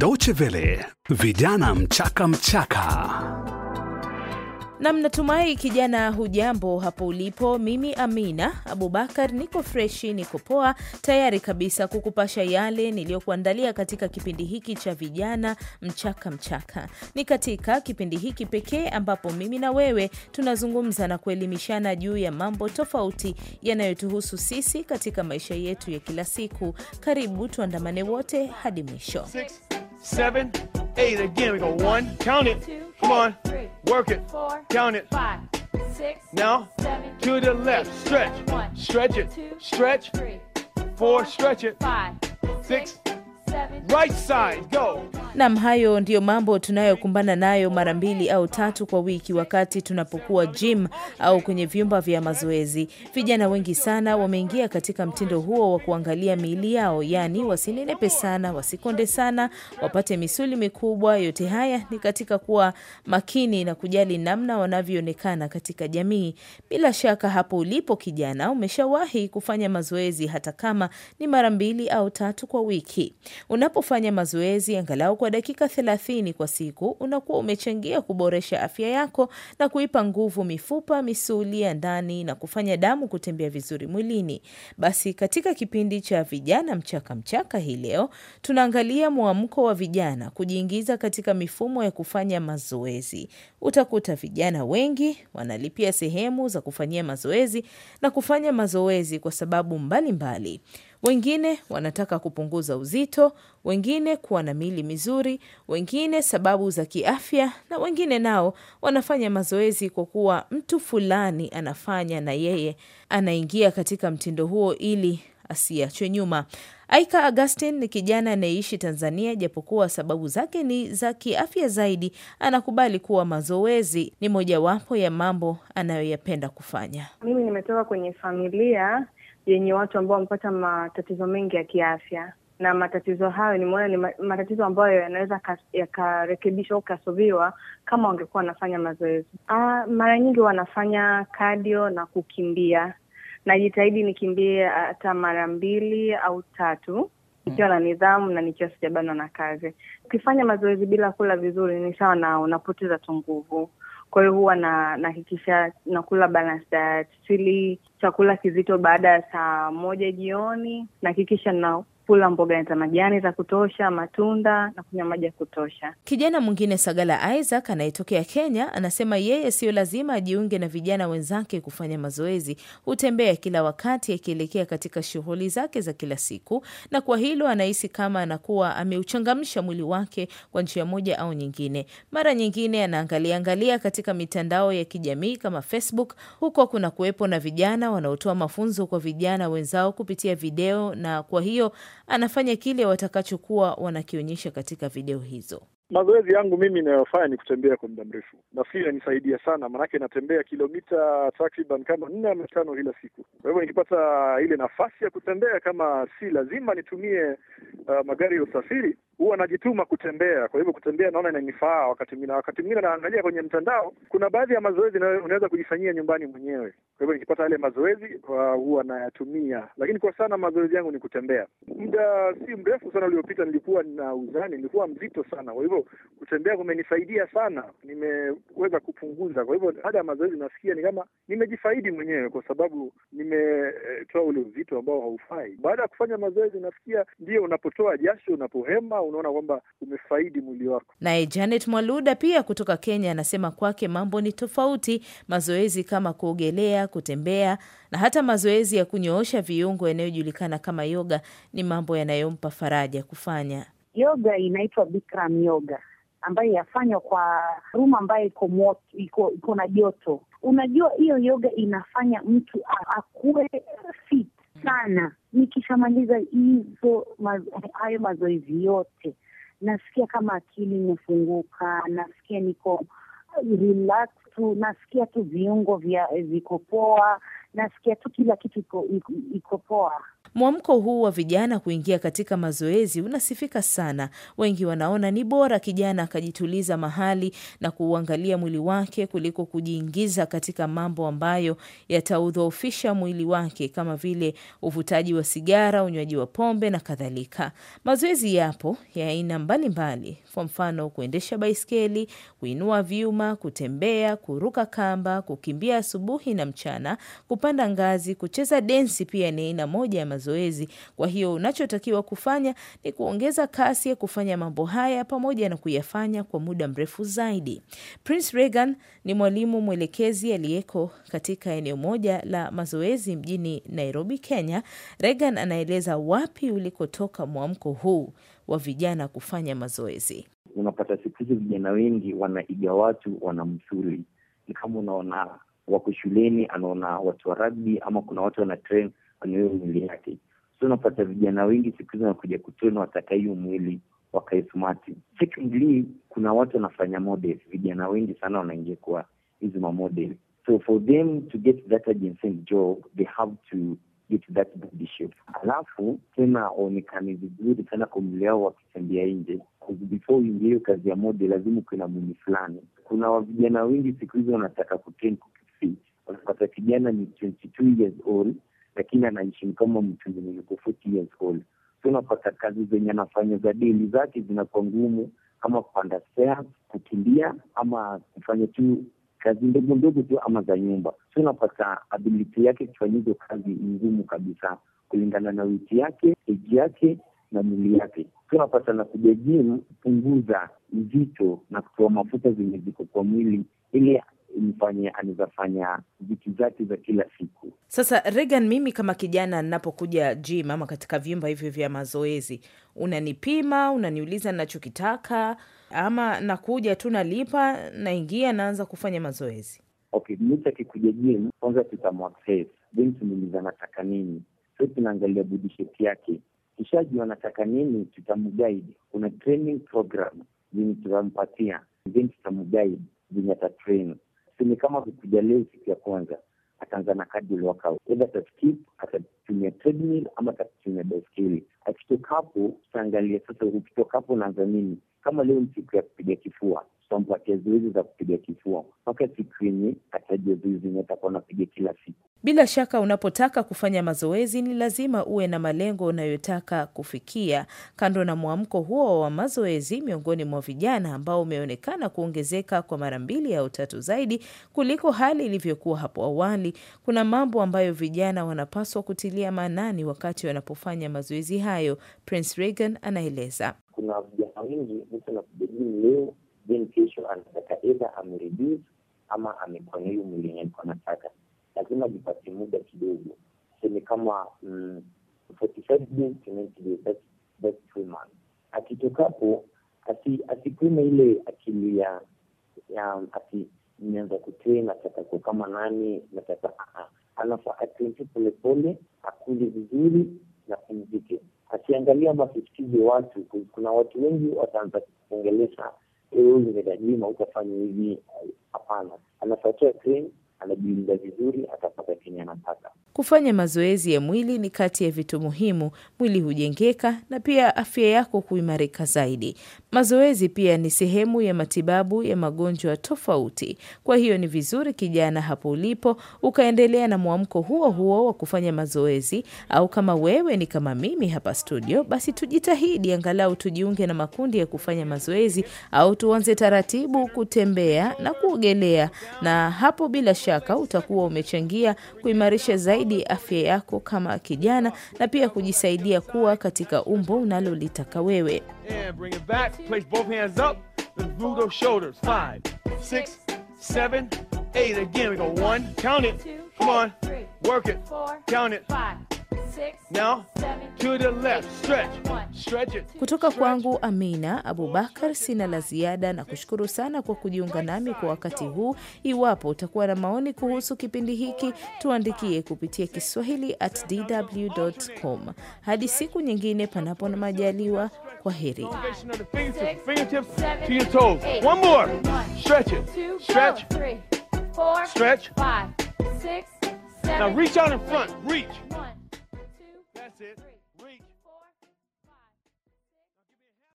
Deutsche Welle, vijana mchaka mchaka. Na mnatumai kijana, hujambo hapo ulipo? Mimi Amina Abubakar niko freshi, niko poa, tayari kabisa kukupasha yale niliyokuandalia katika kipindi hiki cha vijana mchaka mchaka. Ni katika kipindi hiki pekee ambapo mimi na wewe tunazungumza na kuelimishana juu ya mambo tofauti yanayotuhusu sisi katika maisha yetu ya kila siku. Karibu tuandamane wote hadi mwisho. seven, eight. Again, we go one, count it. Two, Come on, three, work it. Four, count it. Five, six, now seven, to the left, eight, stretch, one, stretch it, two, stretch, four, stretch it, five, six, seven, right side, go. Nam, hayo ndiyo mambo tunayokumbana nayo mara mbili au tatu kwa wiki wakati tunapokuwa gym au kwenye vyumba vya mazoezi. Vijana wengi sana wameingia katika mtindo huo wa kuangalia miili yao, yaani wasinenepe sana, wasikonde sana, wapate misuli mikubwa. Yote haya ni katika kuwa makini na kujali namna wanavyoonekana katika jamii. Bila shaka, hapo ulipo kijana, umeshawahi kufanya mazoezi hata kama ni mara mbili au tatu kwa wiki. Unapofanya mazoezi angalau kwa dakika 30 kwa siku unakuwa umechangia kuboresha afya yako na kuipa nguvu mifupa, misuli ya ndani na kufanya damu kutembea vizuri mwilini. Basi katika kipindi cha vijana mchaka mchaka hii leo tunaangalia mwamko wa vijana kujiingiza katika mifumo ya kufanya mazoezi. Utakuta vijana wengi wanalipia sehemu za kufanyia mazoezi na kufanya mazoezi kwa sababu mbalimbali mbali wengine wanataka kupunguza uzito, wengine kuwa na miili mizuri, wengine sababu za kiafya, na wengine nao wanafanya mazoezi kwa kuwa mtu fulani anafanya na yeye anaingia katika mtindo huo ili asiachwe nyuma. Aika Augustin ni kijana anayeishi Tanzania, japokuwa sababu zake ni za kiafya zaidi, anakubali kuwa mazoezi ni mojawapo ya mambo anayoyapenda kufanya. Mimi nimetoka kwenye familia yenye watu ambao wamepata matatizo mengi ya kiafya, na matatizo hayo nimeona ni matatizo ambayo yanaweza yakarekebishwa au kasoviwa kama wangekuwa wanafanya mazoezi. Ah, mara nyingi wanafanya kadio na kukimbia. Najitahidi nikimbie ah, hata mara mbili au tatu ikiwa na nidhamu na nikiwa sijabanwa na kazi. Ukifanya mazoezi bila kula vizuri, ni sawa na unapoteza tu nguvu. Kwa hiyo huwa nahakikisha nakula balanced diet, sili chakula kizito baada ya saa moja jioni, nahakikisha na kula mboga za majani za kutosha, matunda na kunywa maji ya kutosha. Kijana mwingine Sagala Isaac anayetokea Kenya anasema yeye siyo lazima ajiunge na vijana wenzake kufanya mazoezi, hutembea kila wakati akielekea katika shughuli zake za kila siku, na kwa hilo anahisi kama anakuwa ameuchangamsha mwili wake kwa njia moja au nyingine. Mara nyingine anaangalia angalia katika mitandao ya kijamii kama Facebook, huko kuna kuwepo na vijana wanaotoa mafunzo kwa vijana wenzao kupitia video, na kwa hiyo anafanya kile watakachokuwa wanakionyesha katika video hizo. Mazoezi yangu mimi inayofanya ni kutembea kwa muda mrefu. Nafikiri inanisaidia sana, maanake natembea kilomita takriban kama nne ama tano kila siku. Kwa hivyo nikipata ile nafasi ya kutembea, kama si lazima nitumie uh, magari ya usafiri, huwa najituma kutembea, kwa hivyo kutembea naona inanifaa. Wakati mwingine wakati mwingine naangalia kwenye mtandao, kuna baadhi ya mazoezi unaweza kujifanyia nyumbani mwenyewe. Kwa hivyo nikipata yale mazoezi uh, huwa nayatumia, lakini kwa sana mazoezi yangu ni kutembea. Muda si mrefu sana uliopita nilikuwa na uzani, nilikuwa mzito sana, kwa hivyo kutembea kumenisaidia sana, nimeweza kupunguza. Kwa hivyo ya mazoezi nasikia ni kama nimejifaidi mwenyewe, kwa sababu nimetoa ule uzito ambao haufai. Baada ya kufanya mazoezi, nasikia ndio unapotoa jasho, unapohema unaona kwamba umefaidi mwili wako. Naye Janet Mwaluda pia kutoka Kenya anasema kwake mambo ni tofauti. Mazoezi kama kuogelea, kutembea na hata mazoezi ya kunyoosha viungo yanayojulikana kama yoga ni mambo yanayompa faraja kufanya. Yoga inaitwa Bikram yoga ambayo yafanywa kwa rumu ambayo iko iko na joto. Unajua, hiyo yoga inafanya mtu akuwe fit sana. Nikishamaliza hizo ma, hayo mazoezi yote, nasikia kama akili imefunguka, nasikia niko uh, relax tu, nasikia tu viungo vya eh, viko poa, nasikia tu kila kitu iko poa. Mwamko huu wa vijana kuingia katika mazoezi unasifika sana. Wengi wanaona ni bora kijana akajituliza mahali na kuuangalia mwili wake kuliko kujiingiza katika mambo ambayo yataudhoofisha mwili wake kama vile uvutaji wa sigara, unywaji wa pombe na kadhalika. Mazoezi yapo ya aina mbalimbali, kwa mfano kuendesha baiskeli, kuinua vyuma, kutembea, kuruka kamba, kukimbia asubuhi na mchana, kupanda ngazi, kucheza densi pia ni aina moja ya mazoezi. Kwa hiyo unachotakiwa kufanya ni kuongeza kasi ya kufanya mambo haya pamoja na kuyafanya kwa muda mrefu zaidi. Prince Regan ni mwalimu mwelekezi aliyeko katika eneo moja la mazoezi mjini Nairobi, Kenya. Regan anaeleza wapi ulikotoka mwamko huu wa vijana kufanya mazoezi. Unapata siku hizi vijana wengi wanaiga watu, wanamsuli. Ni kama unaona wako shuleni, anaona watu wa rugby ama kuna watu wana train kwenye hiyo mwili yake. So unapata vijana wengi siku hizi wanakuja kutona, wataka hiyo mwili wakaismati. Secondly, kuna watu wanafanya model, vijana wengi sana wanaingia kwa hizi mamodel. So for them to get that agency job they have to get that body shape, alafu tena waonekane vizuri sana kwa mwili wao wakitembea nje. Before uingie hiyo kazi ya model, lazima ukiwe na mwili fulani. Kuna vijana wengi siku hizi wanataka kutrain kukifit, wanapata kijana ni 22 years old lakini anaishi kama mtu mwenye yuko 40 years unapata kazi zenye anafanya za deli zake zinakuwa ngumu, kama kupanda sea kukimbia ama kufanya tu kazi ndogo ndogo tu ama za nyumba. tunapata unapata ability yake kufanya hizo kazi ni ngumu kabisa, kulingana na wiki yake, eji yake na mwili yake. tunapata unapata na kuja jimu kupunguza nzito na kutoa mafuta zenye ziko kwa mwili ili mfanya anawezafanya vitu zake za kila siku. Sasa Regan, mimi kama kijana ninapokuja gym ama katika vyumba hivyo vya mazoezi, unanipima, unaniuliza ninachokitaka, ama nakuja tu nalipa, naingia, naanza kufanya mazoezi? Okay, mtu akikuja gym, kwanza tutamwaccess, then tunamuuliza nataka nini, so tunaangalia body yake, kishajua nataka nini, tutamguide. Kuna training program zenye tutampatia, then tutamguide atatrain kama vipiga leo siku ya kwanza ataanza na kadi workout, either ataskip, atatumia treadmill ama atatumia baiskeli. akitokapo utaangalia tutaangalia sasa, ukitokapo hapo unaanza nini. Kama leo ni siku ya kupiga kifua kwamba zake za kupiga kifua mpaka siku yenye ataje zoezi atakuwa napiga kila siku. Bila shaka, unapotaka kufanya mazoezi ni lazima uwe na malengo unayotaka kufikia. Kando na mwamko huo wa mazoezi miongoni mwa vijana ambao umeonekana kuongezeka kwa mara mbili au tatu zaidi kuliko hali ilivyokuwa hapo awali, kuna mambo ambayo vijana wanapaswa kutilia maanani wakati wanapofanya mazoezi hayo. Prince Regan anaeleza. Kuna vijana wengi mtu anapiga jimu leo then kesho anataka edha amereduce ama amekuwa na hiyo mwili alikuwa anataka, lazima jipate muda kidogo, seme kama mm, Akitokapo asikume ile akili ya, ya ati imeanza kutrain nataka kuwa kama nani, nataka anafaa ah, ah. atrensi polepole, akuli vizuri na pumzike, asiangalia ama watu. Kuna watu wengi wataanza kuongelesha wewe ni jima ukafanya hivi. Hapana, anafuatia train, anajilinda vizuri, atapata kenye anataka. Kufanya mazoezi ya mwili ni kati ya vitu muhimu, mwili hujengeka na pia afya yako kuimarika zaidi. Mazoezi pia ni sehemu ya matibabu ya magonjwa tofauti. Kwa hiyo ni vizuri kijana, hapo ulipo, ukaendelea na mwamko huo huo wa kufanya mazoezi, au kama wewe ni kama mimi hapa studio, basi tujitahidi angalau tujiunge na makundi ya kufanya mazoezi, au tuanze taratibu kutembea na kuogelea, na hapo bila shaka utakuwa umechangia kuimarisha zaidi zaidi afya yako kama kijana na pia kujisaidia kuwa katika umbo unalolitaka wewe. Again, we go one, count it. Come on, work it, count it. Now, to the left, stretch. Stretch it. Kutoka kwangu Amina Abubakar, sina la ziada na kushukuru sana kwa kujiunga nami kwa wakati huu. Iwapo utakuwa na maoni kuhusu kipindi hiki, tuandikie kupitia Kiswahili at dw.com. Hadi siku nyingine, panapo na majaliwa, kwa heri. Now reach out in front, reach. That's it.